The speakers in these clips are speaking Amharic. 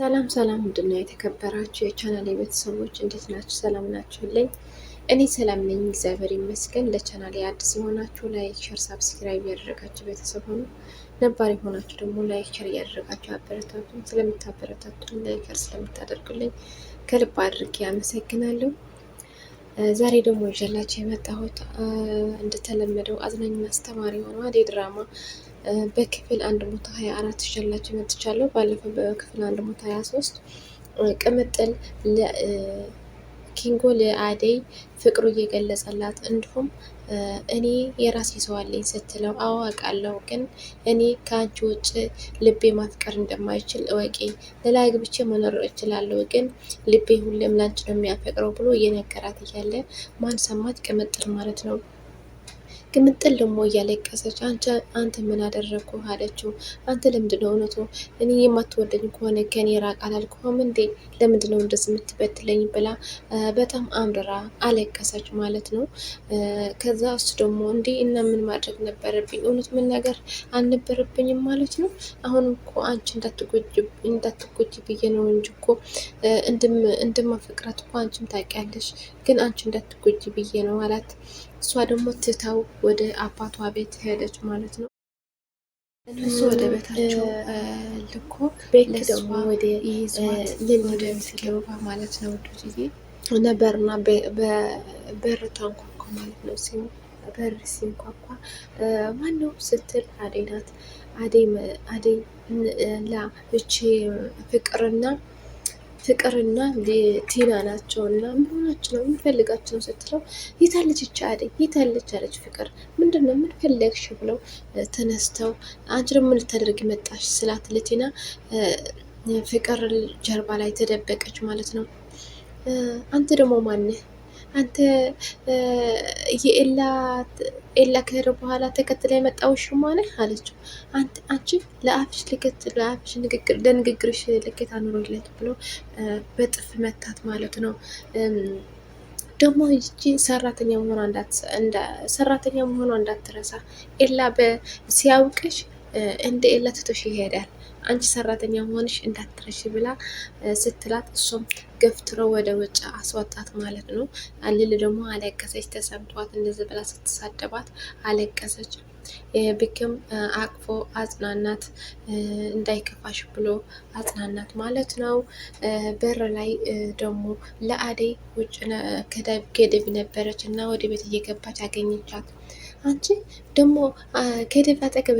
ሰላም ሰላም፣ ውድና የተከበራችሁ የቻናል ቤተሰቦች እንዴት ናችሁ? ሰላም ናችሁልኝ? እኔ ሰላም ነኝ፣ እግዚአብሔር ይመስገን። ለቻናል አዲስ የሆናችሁ ላይክ፣ ሸር፣ ሳብስክራይብ እያደረጋችሁ ቤተሰብ ሆኑ። ነባር የሆናችሁ ደግሞ ላይክ፣ ሸር እያደረጋችሁ አበረታቱ። ስለምታበረታቱኝ፣ ላይክ፣ ሸር ስለምታደርጉልኝ ከልብ አድርጌ አመሰግናለሁ። ዛሬ ደግሞ ይዤላችሁ የመጣሁት እንደተለመደው አዝናኝ አስተማሪ የሆነው የድራማ በክፍል አንድ ሞታ ሀያ አራት ይዤላችሁ መጥቻለሁ። ባለፈው በክፍል አንድ ሞታ ሀያ ሶስት ቅምጥል ኪንጎ ለአደይ ፍቅሩ እየገለጸላት እንዲሁም እኔ የራሴ ሰው አለኝ ስትለው አዋቃለሁ፣ ግን እኔ ከአንቺ ውጭ ልቤ ማፍቀር እንደማይችል እወቂ። ሌላ ግብቼ መኖር እችላለሁ፣ ግን ልቤ ሁሌም ላንቺ ነው የሚያፈቅረው ብሎ እየነገራት እያለ ማን ሰማት ቅምጥል ማለት ነው። ግምጥል ደግሞ እያለቀሰች አንተ ምን አደረግኩ አለችው። አንተ ለምንድን ነው እውነቱ እኔ የማትወደኝ ከሆነ ከኔ ራቅ አላልኩህም እንዴ? ለምንድን ነው እንደዚህ የምትበድለኝ? ብላ በጣም አምርራ አለቀሰች ማለት ነው። ከዛ እሱ ደግሞ እንዴ እና ምን ማድረግ ነበረብኝ? እውነት ምን ነገር አልነበረብኝም ማለት ነው። አሁን እኮ አንቺ እንዳትጎጅ ብዬ ነው እንጂ እኮ እንደማፈቅራት እኮ አንቺም ታውቂያለሽ፣ ግን አንቺ እንዳትጎጅ ብዬ ነው አላት። እሷ ደግሞ ትተው ወደ አባቷ ቤት ሄደች ማለት ነው። እነሱ ወደ ቤታቸው ልኮ ቤት ማለት ነው። ውዱ ጊዜ ነበርና በር ታንኳኳ ማለት ነው። በር ሲንኳኳ ማነው ስትል አደይ ናት። አደይ ላ እቺ ፍቅርና ፍቅርና ቲና ናቸው እና ምንሆናችሁ ነው የምንፈልጋችሁ ነው ስትለው የታለች ይቺ አደይ የታለች አለች ፍቅር ምንድን ነው የምንፈለግሽ ብለው ተነስተው አንቺ ደግሞ ልታደርግ መጣሽ ስላት ለቲና ፍቅር ጀርባ ላይ ተደበቀች ማለት ነው አንተ ደግሞ ማነህ አንተ የኤላ ኤላ ከሄደ በኋላ ተከትለ የመጣው ሽማ ነህ አለችው። አንቺ ለአፍሽ ልክት ለአፍሽ ንግግር ለንግግርሽ ልኬት አኑሮለት ብሎ በጥፍ መታት ማለት ነው። ደግሞ ይቺ ሰራተኛ መሆኗ ሰራተኛ መሆኗ እንዳትረሳ። ኤላ ሲያውቅሽ እንደ ኤላ ትቶሽ ይሄዳል። አንቺ ሰራተኛ መሆንሽ እንዳትረሽ ብላ ስትላት እሷም ገፍትሮ ወደ ውጭ አስወጣት ማለት ነው። አልል ደግሞ አለቀሰች ተሰምቷት፣ እንደዚህ ብላ ስትሳደባት አለቀሰች። ብክም አቅፎ አጽናናት፣ እንዳይከፋሽ ብሎ አጽናናት ማለት ነው። በር ላይ ደግሞ ለአደይ ውጭ ገደብ ነበረች እና ወደ ቤት እየገባች አገኘቻት። አንቺ ደግሞ ከደብ አጠገብ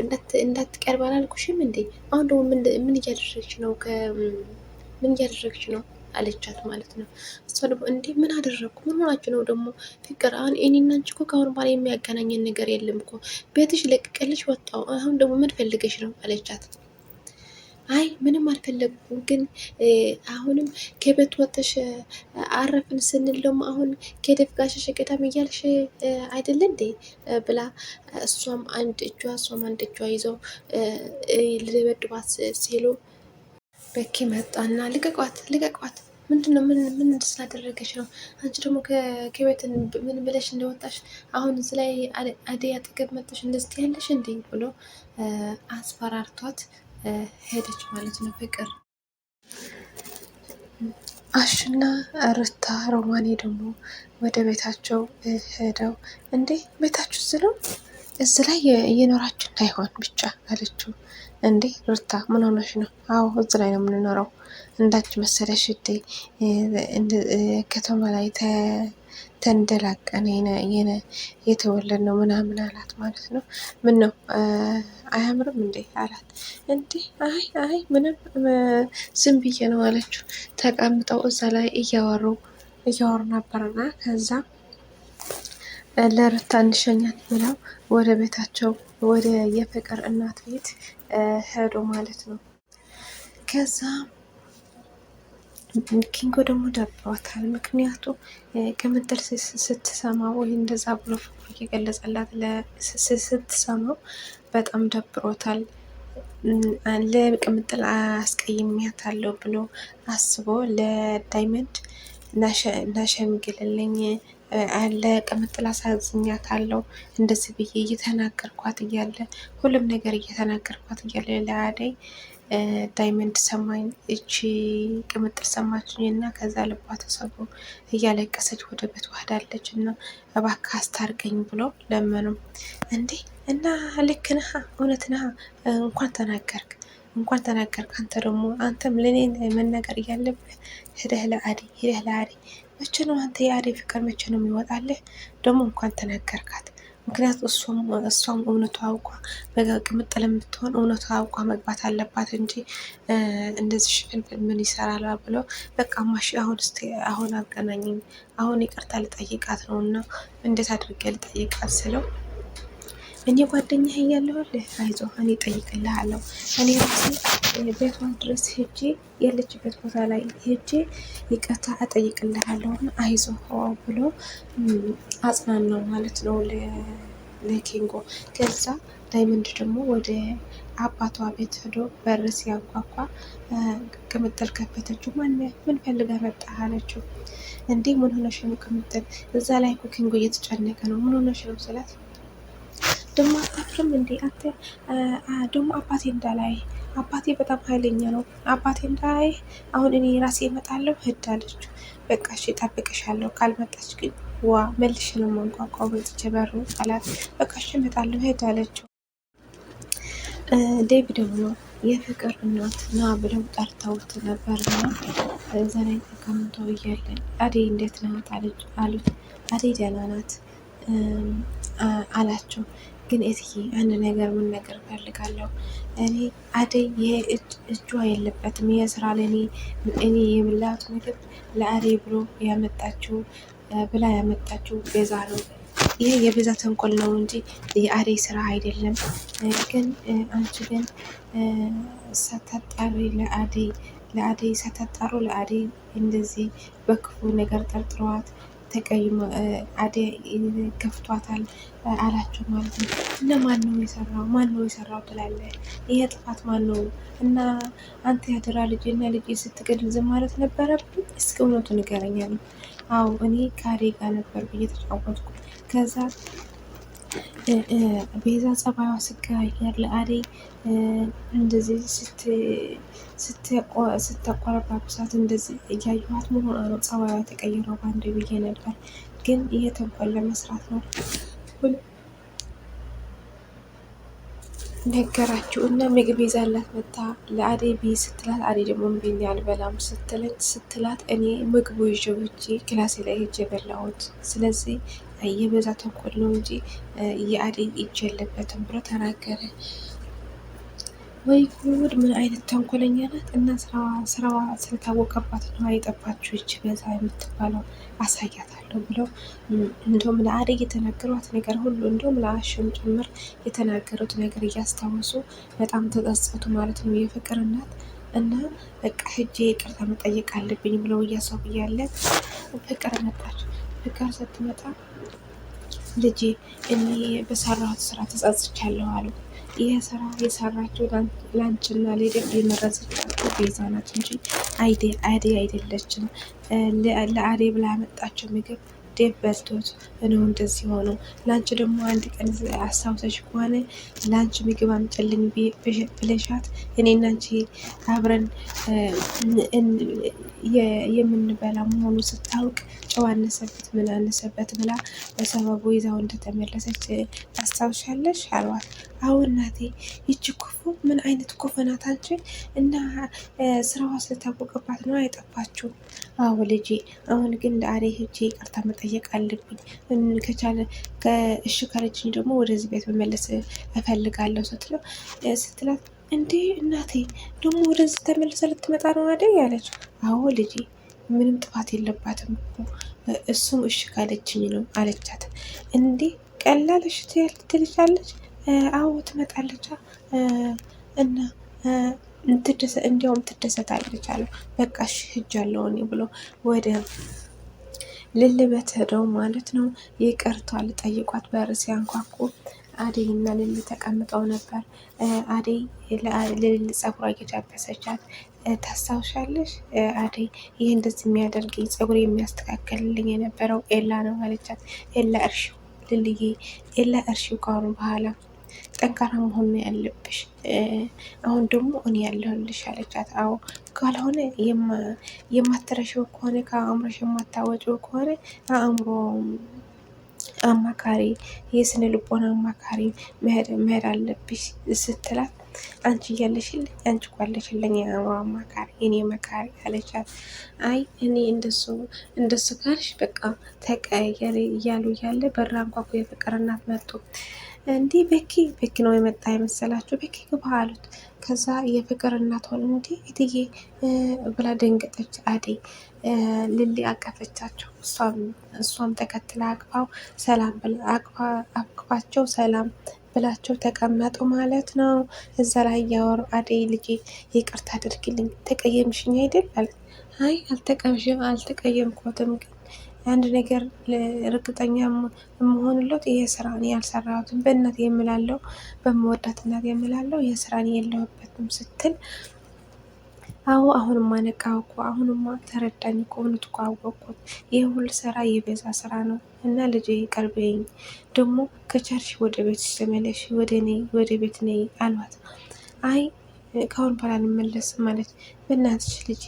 እንዳትቀርብ አላልኩሽም እንዴ? አሁን ደግሞ ምን እያደረግች ነው? ምን እያደረግች ነው አለቻት ማለት ነው። እሷ ደግሞ እንዴ ምን አደረግኩ? ምን ሆናችሁ ነው ደግሞ ፍቅር? አሁን እኔና አንቺ እኮ ከአሁን በኋላ የሚያገናኘን ነገር የለም እኮ ቤትሽ ለቅቀልሽ ወጣው አሁን ደግሞ ምን ፈልገሽ ነው አለቻት። አይ ምንም አልፈለግኩም፣ ግን አሁንም ከቤት ወጥሽ አረፍን ስንል ደግሞ አሁን ከደፍ ጋር ሸሸቀዳም እያልሽ አይደለ እንዴ ብላ እሷም አንድ እጇ እሷም አንድ እጇ ይዘው ልደበድባት ሲሉ በኪ መጣና ልቀቋት፣ ልቀቋት ምንድን ነው? ምን ምን ስላደረገች ነው? አንቺ ደግሞ ከቤትን ምን ብለሽ እንደወጣሽ አሁን እዚ ላይ አደይ አጠገብ መጥተሽ እንደዚህ ያለሽ እንዴ ብሎ አስፈራርቷት ሄደች ማለት ነው ፍቅር። አሽና ርታ ሮማኔ ደግሞ ወደ ቤታቸው ሄደው እንዴ ቤታችሁ ስለው እዚ እዚህ ላይ እየኖራችሁ እንዳይሆን ብቻ አለችው። እንዴ ሩታ ምን ሆነሽ ነው? አዎ እዚ ላይ ነው የምንኖረው። እንዳች መሰለሽ ከተማ ላይ ተንደላቀን የተወለድ ነው ምናምን አላት ማለት ነው። ምን ነው አያምርም እንዴ አላት። እንዴ አይ አይ ምንም ዝም ብዬ ነው አለችው። ተቀምጠው እዛ ላይ እያወሩ እያወሩ ነበርና ከዛ ለሩታ እንሸኛት ብለው ወደ ቤታቸው ወደ የፍቅር እናት ቤት ሄዶ ማለት ነው። ከዛ ኪንጎ ደግሞ ደብሯታል። ምክንያቱ ቅምጥል ስትሰማው ወይ እንደዛ ብሎ ፍቅሩ እየገለጸላት ስትሰማው በጣም ደብሮታል። ለቅምጥል አስቀይሜያታለሁ ብሎ አስቦ ለዳይመንድ ናሸምግልልኝ አለ ቅምጥል ካለው እንደዚህ ብዬ እየተናገርኳት እያለ ሁሉም ነገር እየተናገርኳት እያለ ለአደይ ዳይመንድ ሰማኝ እቺ ቅምጥል ሰማችኝ እና ከዛ ልቧ ተሰብሮ እያለቀሰች ወደ ቤት ዋህዳለች እና እባክህ አስታርገኝ ብሎ ለመኑ እንዴ እና ልክ ነህ፣ እውነት ነህ፣ እንኳን ተናገርክ እንኳን ተናገርክ። አንተ ደግሞ አንተም ለእኔን መናገር እያለብህ ሄደህ ለአዲ ሄደህ ለአዲ መቼ ነው አንተ የአዴ ፍቅር መቼ ነው የሚወጣልህ? ደግሞ እንኳን ተናገርካት። ምክንያት እሷም እውነቱ አውቋ ቅምጥ የምትሆን እውነቱ አውቋ መግባት አለባት እንጂ እንደዚህ ሽፍንፍን ምን ይሰራል ብሎ በቃ ማሽ አሁን ስ አሁን አገናኝኝ አሁን ይቅርታ ልጠይቃት ነው እና እንዴት አድርጌ ልጠይቃት ስለው እኔ ጓደኛ እያለሁልህ አይዞህ እኔ እጠይቅልሃለሁ። እኔ ራሴ ቤቷን ድረስ ሄጄ ያለችበት ቦታ ላይ ሄጄ ይቅርታ እጠይቅልሃለሁ እና አይዞህ ብሎ አጽናናው ማለት ነው ለኬንጎ። ከዛ ዳይመንድ ደግሞ ወደ አባቷ ቤት ሄዶ በር ሲያንኳኳ ቅምጥል ከፈተችው። ማን ምን ፈልገ መጣ አለችው። እንዲህ ምን ሆነሽ ነው ቅምጥል? እዛ ላይ ኩኪንጎ እየተጨነቀ ነው። ምን ሆነሽ ነው ስላት ደግሞ አታፍርም እንዴ? አንተ ደግሞ አባቴ እንዳላይ አባቴ በጣም ኃይለኛ ነው። አባቴ እንዳላይ አሁን እኔ ራሴ እመጣለሁ ህድ አለችው። በቃ እሺ እጠብቅሻለሁ፣ ካልመጣች ግን ዋ መልሽ ነው ማንቋቋም ወጥቼ በሩ አላት። በቃ እሺ እመጣለሁ ህድ አለችው። ዴቪ ደግሞ የፍቅር እናት ና ብለው ጠርተውት ነበር ና ዘናኝ ላይ ተቀምጦ እያለን አዴ እንዴት ናት አሉት። አዴ ደህና ናት አላቸው። ግን እዚህ አንድ ነገር ምን ነገር ፈልጋለሁ እኔ አደይ ይሄ እጇ የለበትም። ይሄ ስራ ለእኔ እኔ የምላት ምግብ ለአደይ ብሎ ያመጣችው ብላ ያመጣችው ቤዛ ነው። ይሄ የቤዛ ተንኮል ነው እንጂ የአደይ ስራ አይደለም። ግን አንቺ ግን ሰተጣሪ ለአደይ ለአደይ ሰተጣሩ ለአደይ እንደዚህ በክፉ ነገር ጠርጥረዋት ተቀይሞ አደይ ከፍቷታል አላቸው ማለት ነው። እና ማን ነው የሰራው ማን ነው የሰራው ትላለህ። ይሄ ጥፋት ማን ነው? እና አንተ ያደራ ልጅ እና ልጅ ስትገድል ዝም ማለት ነበረብኝ? እስከ እውነቱ ንገረኛ ነው። አዎ እኔ ከአደይ ጋር ነበር ብዬ ተጫወትኩ ከዛ ቤዛ ጸባይዋ ስቀያየር ለአደይ እንደዚህ ስታቆረባብሳት እንደዚህ እያየኋት መሆኗ ነው ጸባይዋ የተቀየረው በአንድ ብዬ ነበር። ግን ይሄ ተንኮል ለመስራት ነው ነገራችሁ እና ምግብ ይዛላት መታ ለአዴ ቢ ስትላት አዴ ደግሞ እምቢ አልበላም ስትለት ስትላት እኔ ምግቡ ይዤ ውጪ ክላሴ ላይ ሄጄ በላሁት። ስለዚህ የበዛ ተንኮል ነው እንጂ የአደይ እጅ የለበትም ብሎ ተናገረ። ወይ ጉድ! ምን አይነት ተንኮለኛ ናት! እና ስራዋ ስለታወቀባት ነው የጠፋችው። ይች በዛ የምትባለው አሳያታለሁ ብለው እንደውም ለአደይ የተናገሯት ነገር ሁሉ እንደውም ለአሽም ጭምር የተናገሩት ነገር እያስታወሱ በጣም ተጸጸቱ ማለት ነው የፍቅር እናት እና በቃ ሂጄ ይቅርታ መጠየቅ አለብኝ ብለው እያሰቡ እያለ ፍቅር መጣች። ፍቅር ስትመጣ ልጅ እኔ በሰራሁት ስራ ተጸጽቻለሁ አሉ። ይህ ስራ የሰራችው ላንችና ሌደር የመረዘቻቸው ቤዛ ናት እንጂ አይዴ አይዴ አይደለችም። ለአዴ ብላ ያመጣችው ምግብ ዴቭ በልቶት ነው እንደዚህ ሆኖ ለአንቺ ደግሞ አንድ ቀን አስታውሰሽ ከሆነ ለአንቺ ምግብ አምጪልኝ ብለሻት እኔ እናንቺ አብረን የምንበላ መሆኑ ስታውቅ ጨው አነሰበት ምን አነሰበት ብላ በሰበቡ ይዛው እንደተመለሰች ታስታውሻለሽ አሏት። አዎ እናቴ፣ ይቺ ኩፉ ምን አይነት ኩፉ ናት አንቺ? እና ስራዋ ስለታወቀባት ነው አይጠፋችሁ? አዎ ልጄ፣ አሁን ግን ለአዴ ሄጄ ይቅርታ መጠየቅ አለብኝ። ከቻለ እሺ ካለችኝ ደግሞ ወደዚህ ቤት መመለስ እፈልጋለሁ ስትለው ስትላት እንዴ እናቴ ደግሞ ወደዚህ ተመልሰ ልትመጣ ነው አደይ ያለች። አዎ ልጄ ምንም ጥፋት የለባትም እኮ እሱም እሽ ካለችኝ ነው አለቻት። እንዴ ቀላል እሺ ትያል አዎ ትመጣለች እና እንዲያውም ትደሰታለች አለ። በቃ እሺ ሂጃለሁ እኔ ብሎ ወደ ልልበት ሄደው ማለት ነው። ይቅርታ ልጠይቋት በር ሲያንኳኩ አደይ እና ልል ተቀምጠው ነበር። አደይ ልል ጸጉሯ እየዳበሰቻት ታስታውሻለሽ? አደይ ይህ እንደዚህ የሚያደርገኝ ጸጉር የሚያስተካከልልኝ የነበረው ኤላ ነው አለቻት። ኤላ እርሺው ልልዬ፣ ኤላ እርሺው ካሁኑ በኋላ ጠንካራ መሆን ነው ያለብሽ። አሁን ደግሞ እኔ ያለሁልሽ አለቻት። አዎ ካልሆነ የማትረሸው ከሆነ ከአእምሮሽ የማታወጪው ከሆነ አእምሮ አማካሪ የስነ ልቦና አማካሪ መሄድ አለብሽ ስትላት አንቺ እያለሽል አንቺ ኳለሽልኝ የአእምሮ አማካሪ እኔ መካሪ አለቻት። አይ እኔ እንደሱ እንደሱ ካልሽ በቃ ተቀየር እያሉ እያለ በራ አንኳኩ የፍቅር እናት መጡ። እንዲህ በኪ በኪ ነው የመጣ የመሰላችሁ በኪ ግባ አሉት። ከዛ የፍቅር እናት ሆነ እንዲ እትዬ ብላ ደንገጠች። አደይ ልሌ አቀፈቻቸው። እሷም ተከትለ አቅፋው ሰላም ብላ አቅፋቸው ሰላም ብላቸው ተቀመጡ ማለት ነው። እዛ ላይ እያወሩ አደይ ልጄ ይቅርታ አድርግልኝ ተቀየምሽኝ አይደል አለት። አይ አልተቀምሽም፣ አልተቀየምኮትም ግን አንድ ነገር እርግጠኛ የምሆንለት ይሄ ስራ እኔ ያልሰራሁትን በእናት የምላለው በመወዳት እናት የምላለው ይሄ ስራ እኔ የለሁበትም ስትል አዎ አሁንማ ነቃሁ እኮ አሁንማ ተረዳኝ እኮ እውነት እኮ አወቅኩት። ይህ ሁሉ ስራ የቤዛ ስራ ነው እና ልጄ ቀርበኝ ደግሞ ከቸርሽ ወደ ቤት ተመለሽ፣ ወደ እኔ ወደ ቤት ነይ አልባት። አይ ከአሁን በኋላ አልመለስም ማለት በእናትሽ ልጄ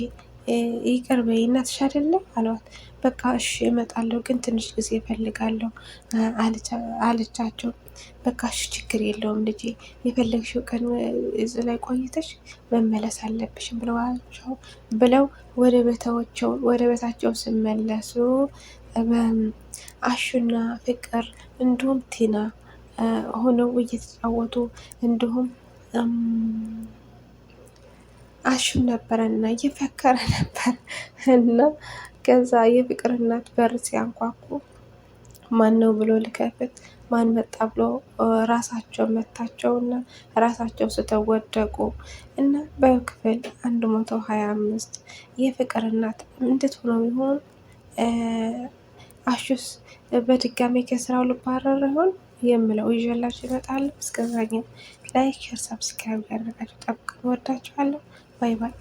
ይቅር በይ እናትሽ አይደለ አሏት። በቃ እሺ እመጣለሁ፣ ግን ትንሽ ጊዜ እፈልጋለሁ አለቻቸው። በቃ እሺ ችግር የለውም ልጄ፣ የፈለግሽው ቀን እዚ ላይ ቆይተሽ መመለስ አለብሽ ብለዋቸው ብለው ወደ ቤታቸው ወደ ቤታቸው ስመለሱ አሹና ፍቅር እንዲሁም ቲና ሆነው እየተጫወቱ እንዲሁም አሹን ነበረና እየፈከረ ነበር እና ከዛ የፍቅር እናት በር ሲያንኳኩ ማን ነው ብሎ ልከፍት ማን መጣ ብሎ ራሳቸው መታቸው እና ራሳቸው ስተወደቁ እና በክፍል አንድ መቶ ሀያ አምስት የፍቅር እናት እንዴት ሆኖ ይሆን? አሹስ በድጋሚ ከስራው ልባረር ይሆን የምለው ይዤላችሁ ይመጣለሁ። እስከዛኛው ላይክ፣ ሸር፣ ሰብስክራይብ ያደረጋችሁ ጠብቅ። ወዳችኋለሁ። 拜拜。